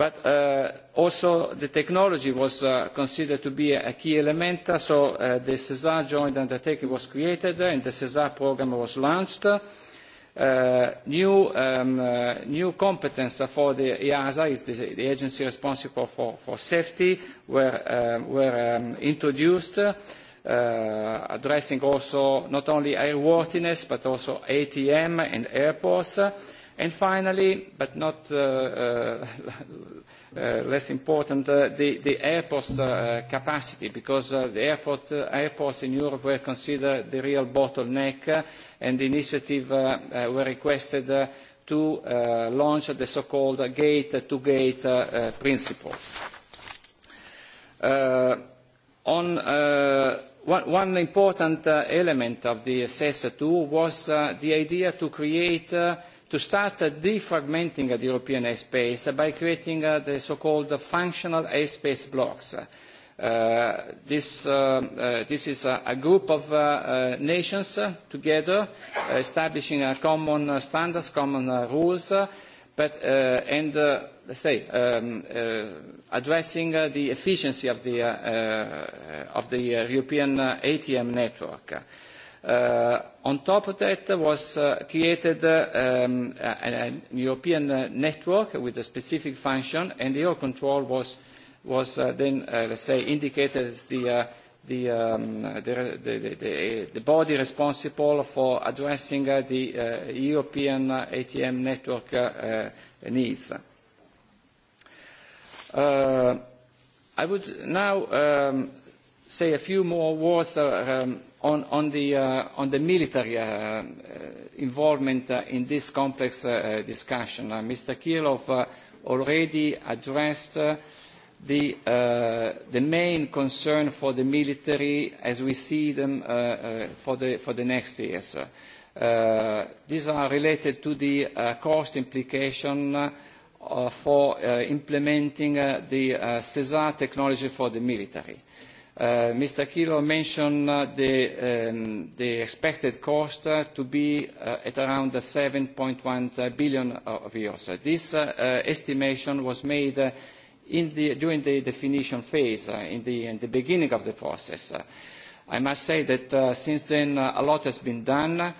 But uh, also the technology was uh, considered to be a key element, uh, so uh, the CESAR joint undertaking was created uh, and the CESAR program was launched. Uh, new, um, uh, new competence for the EASA, is the, the agency responsible for, for safety, were, uh, um, were um, introduced, uh, addressing also not only airworthiness but also ATM and airports. Uh, And finally, but not uh, uh, uh, less important, uh, the, the airport's uh, capacity, because uh, the airport, uh, airports in Europe were considered the real bottleneck, uh, and the initiative uh, uh, were requested uh, to uh, launch the so-called gate-to-gate uh, uh, principle. Uh, on uh, One, one important uh, element of the SESA 2 was uh, the idea to create uh, to start defragmenting the European airspace by creating uh, the so-called functional airspace blocks. Uh, this, uh, uh, this is a, a group of uh, uh, nations uh, together uh, establishing common uh, standards, common uh, rules, uh, but, uh, and uh, let's say, um, uh, addressing uh, the efficiency of the, uh, uh, of the uh, European uh, ATM network. Uh, Uh, on top of that was uh, created uh, um, European uh, network with a specific function, and the control was, was uh, then, uh, let's say, indicated as the, uh, the, um, the, the, the, the body responsible for addressing uh, the uh, European uh, ATM network uh, uh, needs. Uh, I would now um, say a few more words uh, um, on, on, the, uh, on the military uh, uh involvement uh, in this complex uh, uh discussion. Uh, Mr. Kirov uh, already addressed uh, the, uh, the main concern for the military as we see them uh, uh, for, the, for the next years. Uh, these are related to the uh, cost implication uh, uh, for uh, implementing uh, the uh, CESAR technology for the military. Uh, Uh, Mr. Kilo mentioned uh, um, the, expected cost uh, to be at around 7.1 billion of euros. This estimation was made during the definition phase, in, the, in the beginning of the process. I must say that since then a lot has been done.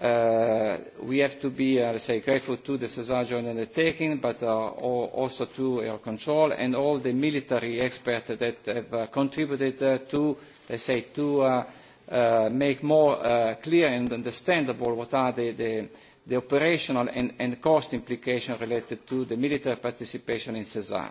Uh, we have to be, uh, let's say, grateful to the Sazajon undertaking, but uh, also to air control and all the military experts that have uh, contributed uh, to, let's say, to uh, uh, make more uh, clear and understandable what are the, the, the operational and, and cost implications related to the military participation in Cesar.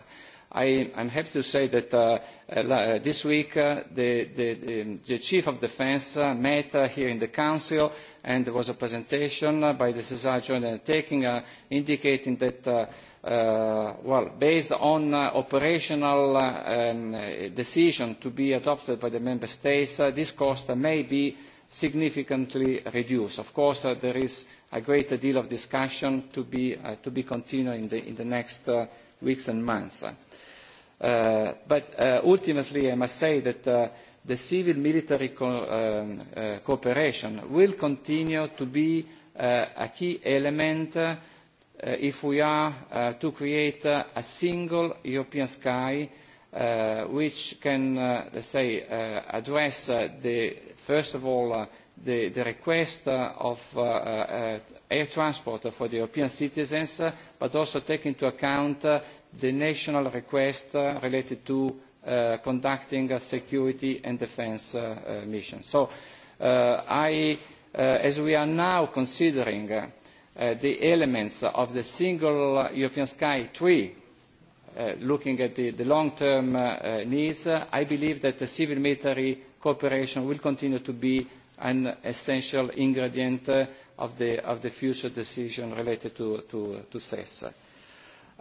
I, am happy to say that uh, uh, uh, this week uh, the, the, the, um, the Chief of Defense uh, met uh, here in the Council and there was a presentation uh, by the Cesar Joint Undertaking uh, indicating that uh, uh, well, based on uh, operational uh, um, decision to be adopted by the member states, uh, this cost uh, may be significantly reduced. Of course, uh, there is a great deal of discussion to be, uh, to be continued in the, in the next uh, weeks and months. Uh, but uh, ultimately, I must say that uh, the civil-military co um, uh, uh, cooperation will continue to be uh, a key element uh, if we are uh, to create uh, a single European sky uh, which can, uh, let's say, uh, address uh, the, first of all, uh, the, the request uh, of uh, uh, uh air transport for the European citizens, but also take into account uh, the national request uh, related to uh, conducting uh, security and defence uh, uh, missions. So uh, I, uh, as we are now considering uh, uh, the elements of the single European Sky 3, uh, looking at the, the long-term uh, uh, needs, uh, I believe that the civil military cooperation will continue to be an essential ingredient uh, of the, of the future decision related to, to, to CES.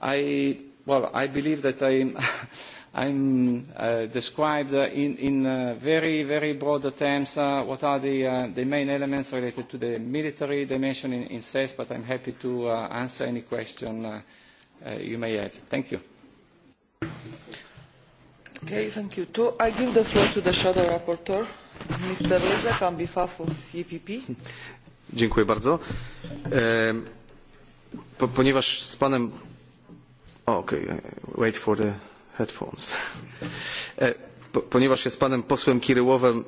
I, well, I believe that I'm, I'm uh, described uh, in, in uh, very, very broad terms uh, what are the, uh, the main elements related to the military dimension in, in CES, but I'm happy to uh, answer any question uh, uh, you may have. Thank you. Okay, thank you. To, I give the floor to the shadow rapporteur, Mr. Reza, on behalf of EPP. Dziękuję bardzo. Po, ponieważ z panem... Okej, okay, wait for the headphones. E, po, ponieważ ja z panem posłem Kiryłowem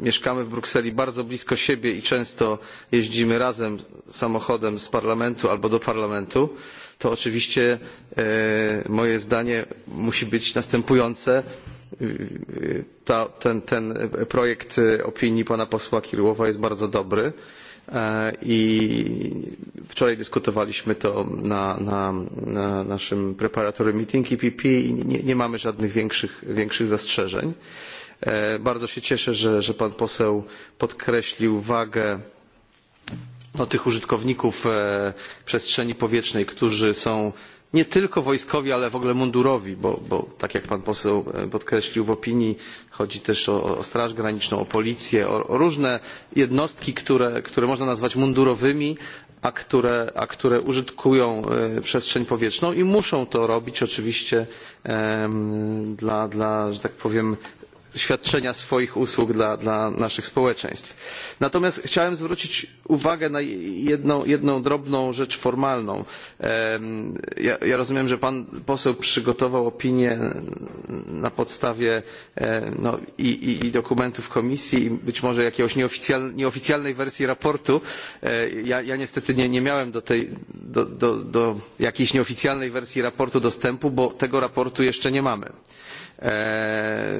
mieszkamy w Brukseli bardzo blisko siebie i często jeździmy razem samochodem z parlamentu albo do parlamentu, to oczywiście e, moje zdanie musi być następujące. E, ta, ten, ten projekt opinii pana posła Kiryłowa jest bardzo dobry. E, i wczoraj dyskutowaliśmy to na, na, na naszym preparatory meeting IPP e i nie, nie mamy żadnych większych, większych zastrzeżeń. E, bardzo się cieszę, że, że pan poseł podkreślił wagę no, tych użytkowników przestrzeni powietrznej, którzy są nie tylko wojskowi, ale w ogóle mundurowi, bo, bo tak jak pan poseł e, podkreślił w opinii, chodzi też o, o Straż Graniczną, o policję, o, o różne jednostki, które, które można nazwać mundurowymi, a które, a które użytkują e, przestrzeń powietrzną i muszą to robić oczywiście dla, dla że tak powiem, świadczenia swoich usług dla, dla naszych społeczeństw. Natomiast chciałem zwrócić uwagę na jedną, jedną drobną rzecz formalną. Ja, ja, rozumiem, że pan poseł przygotował opinię na podstawie no, i, i, i, dokumentów komisji i być może jakiejś nieoficjal, nieoficjalnej wersji raportu. E, ja, ja niestety nie, nie miałem do, tej, do, do, do jakiejś nieoficjalnej wersji raportu dostępu, bo tego raportu jeszcze nie mamy. E,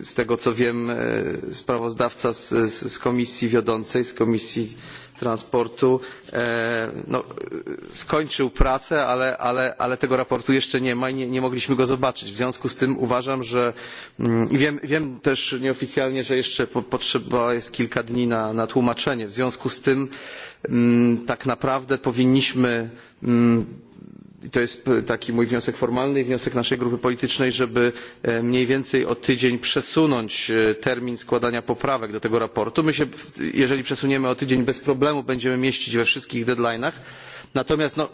z tego co wiem, e, sprawozdawca z, z komisji wiodącej, z komisji transportu e, no, skończył pracę, ale, ale, ale tego raportu jeszcze nie ma i nie, nie, mogliśmy go zobaczyć. W związku z tym uważam, że mm, i wiem, wiem też nieoficjalnie, że jeszcze po, potrzeba jest kilka dni na, na tłumaczenie. W związku z tym mm, tak naprawdę powinniśmy mm, to jest taki mój wniosek formalny i wniosek naszej grupy politycznej, żeby e, mniej więcej o tydzień przesunąć e, termin składania poprawek do tego raportu. My się, jeżeli przesuniemy o tydzień, bez problemu będziemy mieścić we wszystkich deadline'ach. Natomiast no,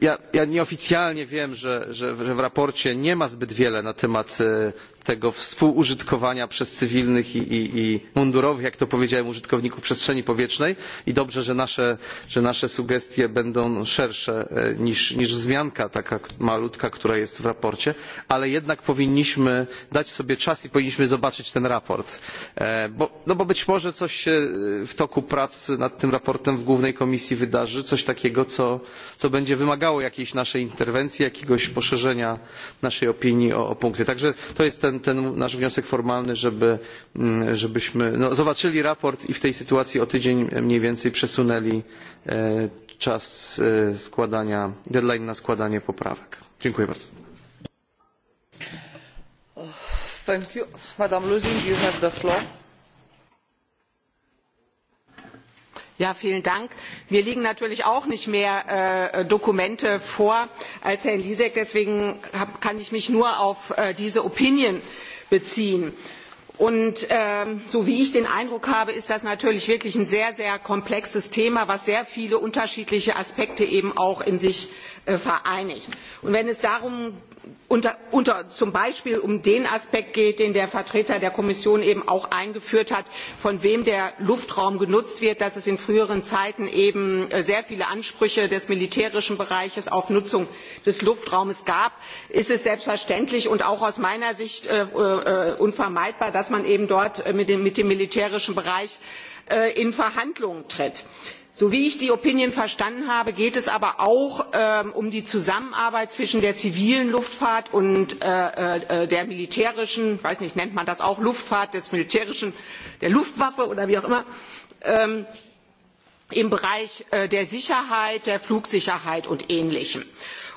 ja, ja nieoficjalnie wiem, że, że, że w raporcie nie ma zbyt wiele na temat e, tego współużytkowania przez cywilnych i, i, i mundurowych, jak to powiedziałem, użytkowników przestrzeni powietrznej i dobrze, że nasze, że nasze sugestie będą szersze e, niż, niż wzmianka taka malutka, która jest w raporcie, ale jednak powinniśmy dać sobie czas i powinniśmy zobaczyć ten raport. E, bo, no bo być może coś się e, w toku prac nad tym raportem w Głównej Komisji wydarzy, coś takiego, co, co będzie wymagało jakiejś naszej interwencji, jakiegoś poszerzenia naszej opinii o, o punkty. Także to jest ten ten, ten nasz wniosek formalny, żeby, mm, żebyśmy no, zobaczyli raport i w tej sytuacji o tydzień mniej więcej przesunęli e, czas e, składania, deadline na składanie poprawek. Dziękuję bardzo. Thank you. Madam Luzing, you have the floor. Ja, vielen Dank. Mir liegen natürlich auch nicht mehr äh, Dokumente vor als Herrn Lisek, deswegen hab, kann ich mich nur auf äh, diese Opinion beziehen. Und ähm, so wie ich den Eindruck habe, ist das natürlich wirklich ein sehr, sehr komplexes Thema, was sehr viele unterschiedliche Aspekte eben auch in sich äh, vereinigt. Und wenn es darum unter, unter, zum Beispiel um den Aspekt geht, den der Vertreter der Kommission eben auch eingeführt hat, von wem der Luftraum genutzt wird, dass es in früheren Zeiten eben äh, sehr viele Ansprüche des militärischen Bereiches auf Nutzung des Luftraumes gab, ist es selbstverständlich und auch aus meiner Sicht äh, äh, äh unvermeidbar, dass man eben dort äh, mit dem, mit dem militärischen Bereich äh, in Verhandlungen tritt. So wie ich die Opinion verstanden habe, geht es aber auch ähm, um die Zusammenarbeit zwischen der zivilen Luftfahrt und äh, äh, äh der militärischen, ich weiß nicht, nennt man das auch Luftfahrt des militärischen, der Luftwaffe oder wie auch immer, ähm, im Bereich äh, der Sicherheit, der Flugsicherheit und Ähnlichem. Äh,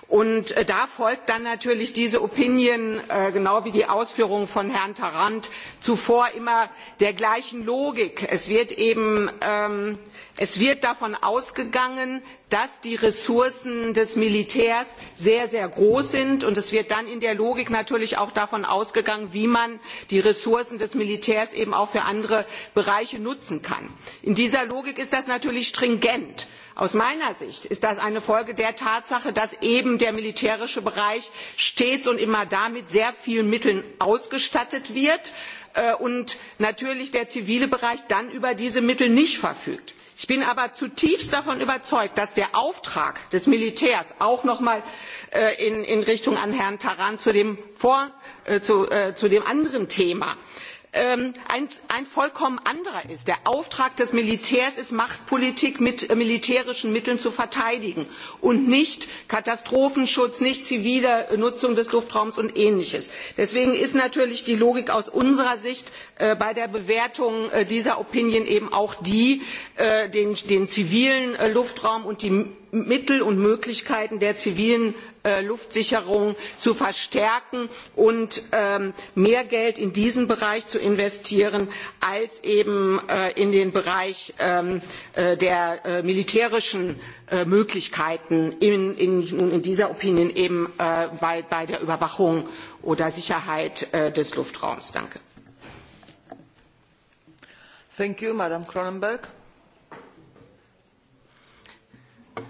Und äh, da folgt dann natürlich diese Opinion, äh, genau wie die Ausführungen von Herrn Tarand zuvor, immer der gleichen Logik. Es wird eben, ähm, es wird davon ausgegangen, dass die Ressourcen des Militärs sehr, sehr groß sind. Und es wird dann in der Logik natürlich auch davon ausgegangen, wie man die Ressourcen des Militärs eben auch für andere Bereiche nutzen kann. In dieser Logik ist das natürlich stringent. Aus meiner Sicht ist das eine Folge der Tatsache, dass eben der militärische Bereich stets und immer damit sehr vielen Mitteln ausgestattet wird äh, und natürlich der zivile Bereich dann über diese Mittel nicht verfügt. Ich bin aber zutiefst davon überzeugt, dass der Auftrag des Militärs auch noch einmal äh, in, Richtung an Herrn Taran zu dem, Vor, äh, zu, zu dem anderen Thema äh, Ähm, ein, ein vollkommen anderer ist. Der Auftrag des Militärs ist, Machtpolitik mit äh, militärischen Mitteln zu verteidigen und nicht Katastrophenschutz, nicht zivile Nutzung des Luftraums und ähnliches. Deswegen ist natürlich die Logik aus unserer Sicht äh, bei der Bewertung äh, dieser Opinion eben auch die, äh, den, den zivilen äh, Luftraum und die Mittel und Möglichkeiten der zivilen äh, Luftsicherung zu verstärken und ähm, mehr Geld in diesen Bereich zu investieren als eben äh, in den Bereich ähm, äh, der äh, militärischen äh, Möglichkeiten in, in, in, dieser Opinion eben äh, bei, bei, der Überwachung oder Sicherheit des Luftraums. Danke. Thank you, Madam Cronenberg.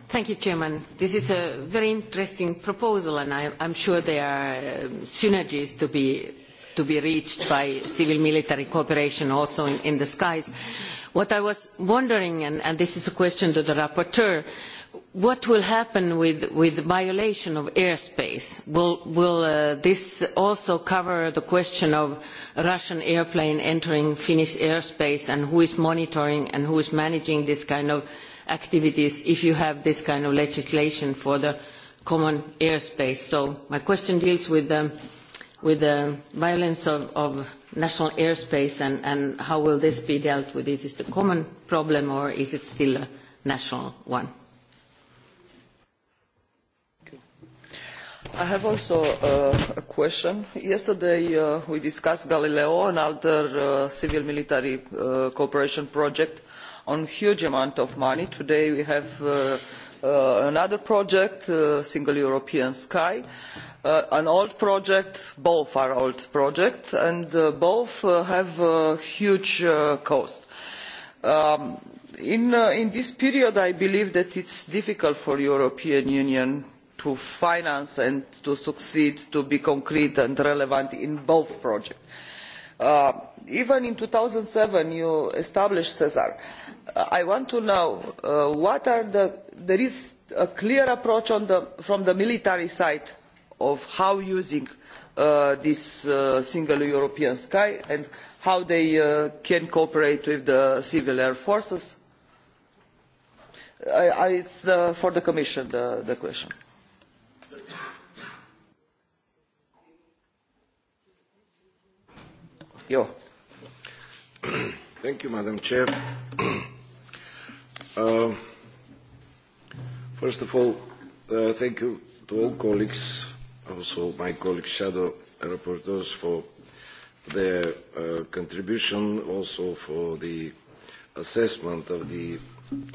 Thank you, Chairman. This is a very interesting proposal, and I, I'm sure there are uh, synergies to be, to be reached by civil-military cooperation also in, in the skies. What I was wondering, and, and this is a question to the rapporteur, what will happen with, with violation of airspace? Will, will uh, this also cover the question of a Russian airplane entering Finnish airspace and who is monitoring and who is managing this kind of activities if you have this kind of legislation for the common airspace. So my question deals with the, um, with the violence of, of national airspace and, and how will this be dealt with? Is it a common problem or is it still a national one? I have also uh, a question. Yesterday uh, we discussed Galileo, and other uh, civil-military uh, cooperation project uh, on huge amount of money. Today we have uh, uh, another project, uh, Single European Sky, uh, an old project, both are old projects, and uh, both uh, have a huge uh, cost. Um, in, uh, in this period, I believe that it's difficult for European Union to finance and to succeed to be concrete and relevant in both projects. Uh, even in two thousand seven you established CESAR. I want to know uh, what are the there is a clear approach on the, from the military side of how using uh, this uh, single European sky and how they uh, can cooperate with the civil air forces. I, I, it's uh, for the Commission the, the question. Yo. Thank you, Madam Chair. Um, first of all, uh, thank you to all colleagues, also my colleague shadow rapporteurs for their uh, contribution, also for the assessment of the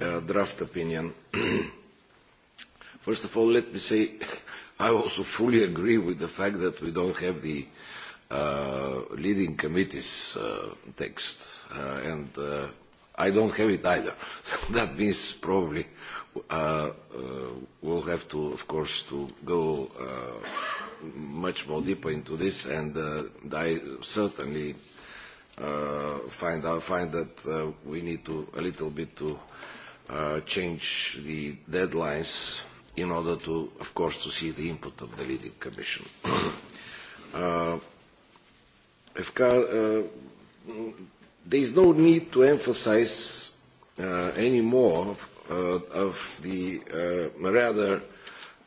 uh, draft opinion. First of all, let me say I also fully agree with the fact that we don't have the uh, leading committee's uh, text. Uh, and uh, I don't have it either. that means probably uh, uh, we'll have to, of course, to go uh, much more deeper into this, and uh, I certainly uh, find I find that uh, we need to a little bit to uh, change the deadlines in order to, of course, to see the input of the leading commission. uh, if, uh, There is no need to emphasize uh, any more uh, of the uh, rather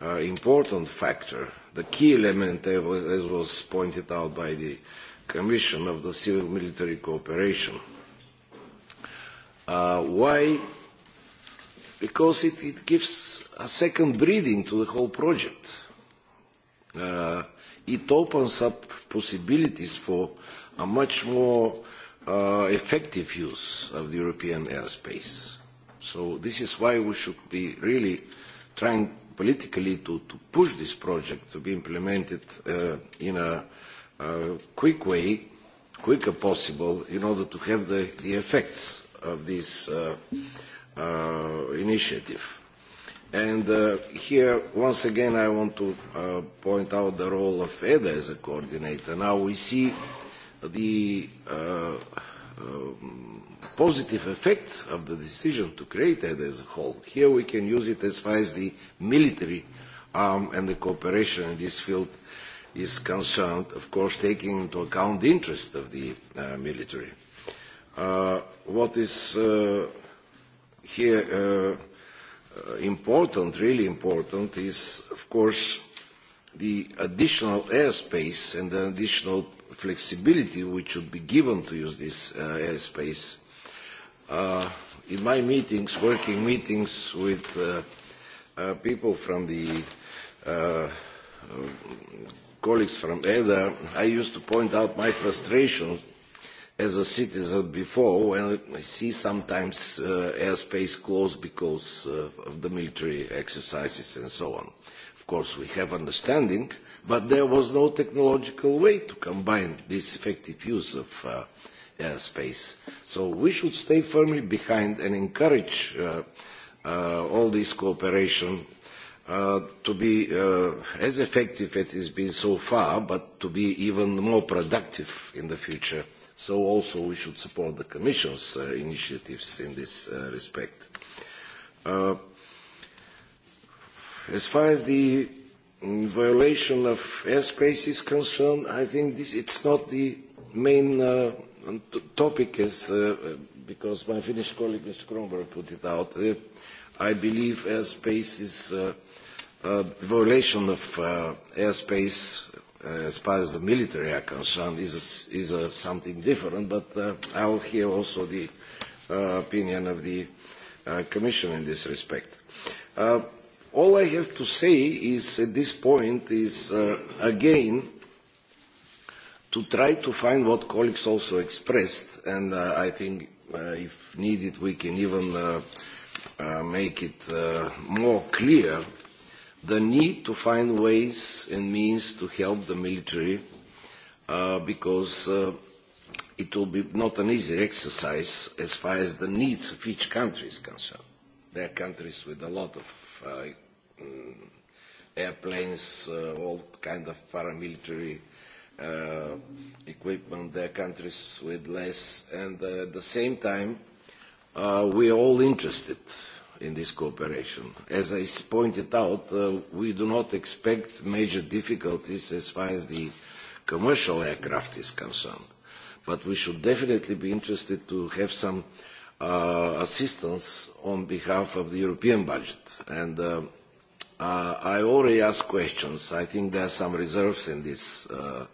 uh, important factor, the key element, as was pointed out by the Commission of the Civil Military Cooperation. Uh, why? Because it, it gives a second breathing to the whole project. Uh, it opens up possibilities for a much more uh, effective use of the European airspace. So this is why we should be really trying politically to, to push this project to be implemented uh, in a uh, quick way, quicker possible, in order to have the, the effects of this uh, uh, initiative. And uh, here, once again, I want to uh, point out the role of EDA as a coordinator. Now we see the uh, um, positive effects of the decision to create it as a whole. Here we can use it as far as the military arm um, and the cooperation in this field is concerned, of course taking into account the interest of the uh, military. Uh, what is uh, here uh, uh important, really important, is of course the additional airspace and the additional flexibility which should be given to use this uh, airspace. Uh, in my meetings, working meetings with uh, uh, people from the uh, colleagues from EDA, I used to point out my frustration as a citizen before when I see sometimes uh, airspace closed because uh, of the military exercises and so on Of course, we have understanding, but there was no technological way to combine this effective use of uh, uh, space. So we should stay firmly behind and encourage uh, uh, all this cooperation uh, to be uh, as effective as it has been so far, but to be even more productive in the future. So also we should support the Commission's uh, initiatives in this uh, respect. Uh, As far as the violation of airspace is concerned, I think this, it's not the main uh, topic, as, uh, because my Finnish colleague, Mr. Kronberg, put it out. Uh, I believe airspace is uh, uh, violation of uh, airspace uh, as far as the military are concerned is, a, is a something different, but uh, I'll hear also the uh, opinion of the uh, Commission in this respect. Uh, All I have to say is at this point is uh, again to try to find what colleagues also expressed and uh, I think uh, if needed we can even uh, uh, make it uh, more clear the need to find ways and means to help the military uh, because uh, it will be not an easy exercise as far as the needs of each country is concerned. There are countries with a lot of uh, Mm, airplanes, uh, all kind of paramilitary uh, equipment, there are countries with less, and uh, at the same time, uh, we are all interested in this cooperation. As I pointed out, uh, we do not expect major difficulties as far as the commercial aircraft is concerned, but we should definitely be interested to have some uh, assistance on behalf of the European budget. And uh, Uh, I already asked questions. I think there are some reserves in this uh,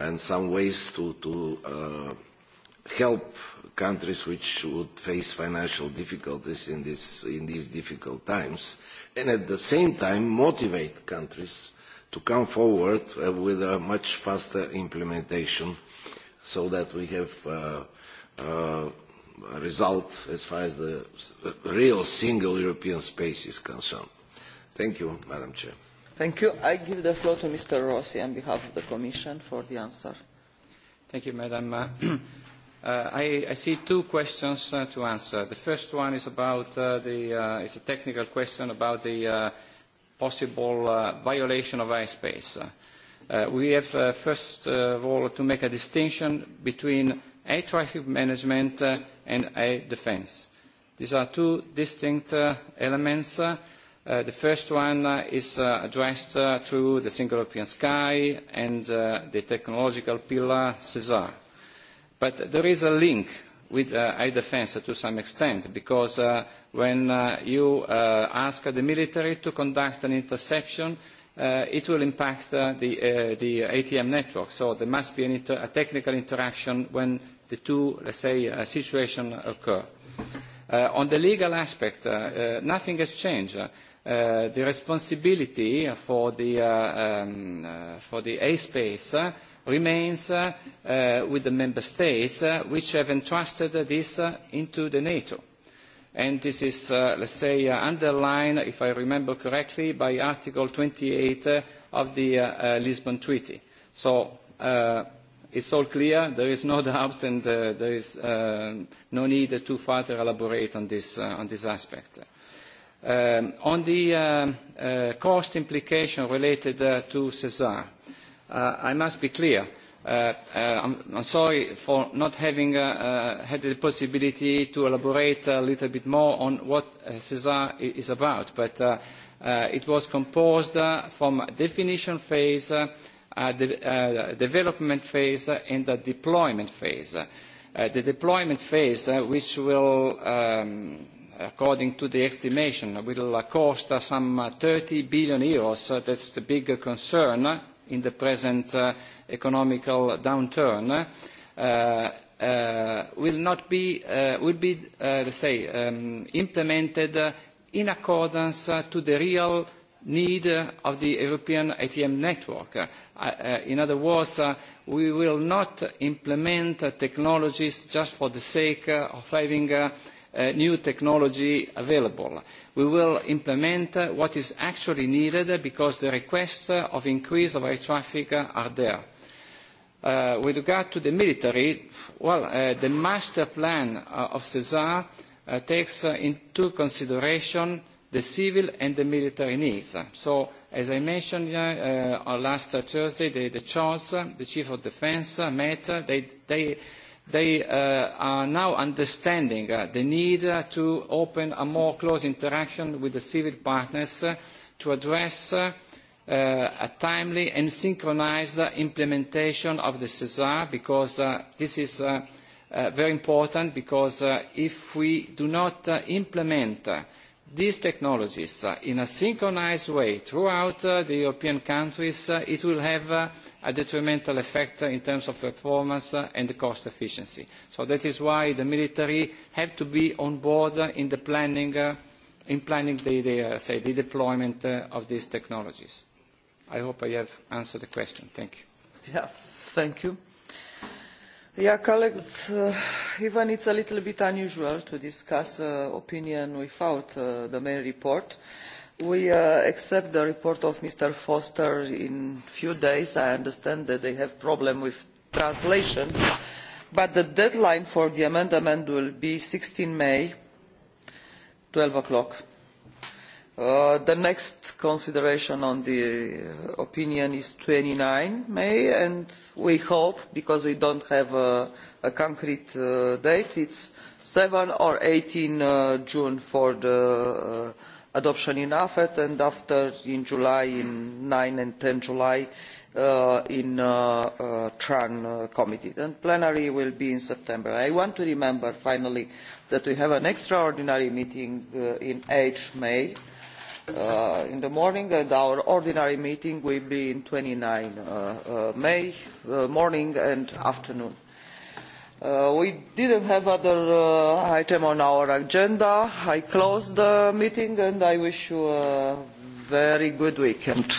and some ways to, to uh, help countries which would face financial difficulties in, this, in these difficult times and at the same time motivate countries to come forward uh, with a much faster implementation so that we have uh, uh, a result as far as the real single European space is concerned. Thank you, Madam Chair. Thank you. I give the floor to Mr. Rossi on behalf of the Commission for the answer. Thank you, Madam. Uh, I, I see two questions uh, to answer. The first one is about uh, the, uh, it's a technical question about the uh, possible uh, violation of airspace. Uh, we have, uh, first of all, to make a distinction between air traffic management uh, and air defense. These are two distinct uh, elements uh, Uh, the first one uh, is uh, addressed through the Single European Sky and the technological pillar SESAR. But there is a link with air defense to some extent because when you ask the military to conduct an interception, it will impact the, ATM network. So there must be a technical interaction when the two, let's say, situations occur. on the legal aspect, nothing has changed. Uh, the responsibility for the, uh, um, uh, for the space uh, remains uh, uh, with the member states uh, which have entrusted this uh, into the NATO. And this is, uh, let's say, uh, underlined, if I remember correctly, by Article 28 uh, of the uh, uh, Lisbon Treaty. So uh, it's all clear, there is no doubt, and uh, there is uh, no need to further elaborate on this, uh, on this aspect. Um, on the um, uh, cost implication related uh, to CESAR, uh, I must be clear. Uh, uh, I'm, I'm sorry for not having uh, uh, had the possibility to elaborate a little bit more on what uh, CESAR is about, but uh, uh, it was composed uh, from definition phase, uh, uh, de uh, development phase, uh, and the deployment phase. Uh, the deployment phase, uh, which will um, according to the estimation, will cost uh, some EUR uh, thirty billion euros. Uh, that's the big concern in the present economic downturn. will not be, will be let's say, um, implemented in accordance to the real need of the European ATM network. in other words, we will not implement technologies just for the sake of having uh, new technology available. We will implement uh, what is actually needed because the requests uh, of increase of air traffic uh, are there. Uh, with regard to the military, well, uh, the master plan uh, of CESAR uh, takes uh, into consideration the civil and the military needs. So, as I mentioned uh, uh, last Thursday, the, the CHOS, the Chief of Defense, uh, met, uh, they, they they uh, are now understanding uh, the need uh, to open a more close interaction with the civil partners uh, to address uh, uh, a timely and synchronized uh, implementation of the CESAR because uh, this is uh, uh, very important because uh, if we do not uh, implement uh, these technologies uh, in a synchronized way throughout uh, the European countries, uh, it will have uh, a detrimental effect uh, in terms of performance uh, and cost efficiency. So that is why the military have to be on board uh, in the planning, uh, in planning the, the, uh, say, the deployment uh, of these technologies. I hope I have answered the question. Thank you. Yeah, thank you. Yeah, colleagues, uh, even it's a little bit unusual to discuss uh, opinion without uh, the main report. We uh, accept the report of Mr. Foster in few days. I understand that they have problem with translation, but the deadline for the amendment will be 16 May, 12 o'clock. Uh, the next consideration on the uh, opinion is 29 May, and we hope, because we don't have a, a concrete uh, date, it's 7 or 18 uh, June for the uh, adoption in AFET, and after in July, in 9 and 10 July, uh, in uh, uh, Tran uh, committee. And plenary will be in September. I want to remember, finally, that we have an extraordinary meeting uh, in 8 May, uh, in the morning and our ordinary meeting will be in 29 uh, uh, May, uh, morning and afternoon. Uh, we didn't have other uh, item on our agenda. I close the meeting and I wish you a very good weekend.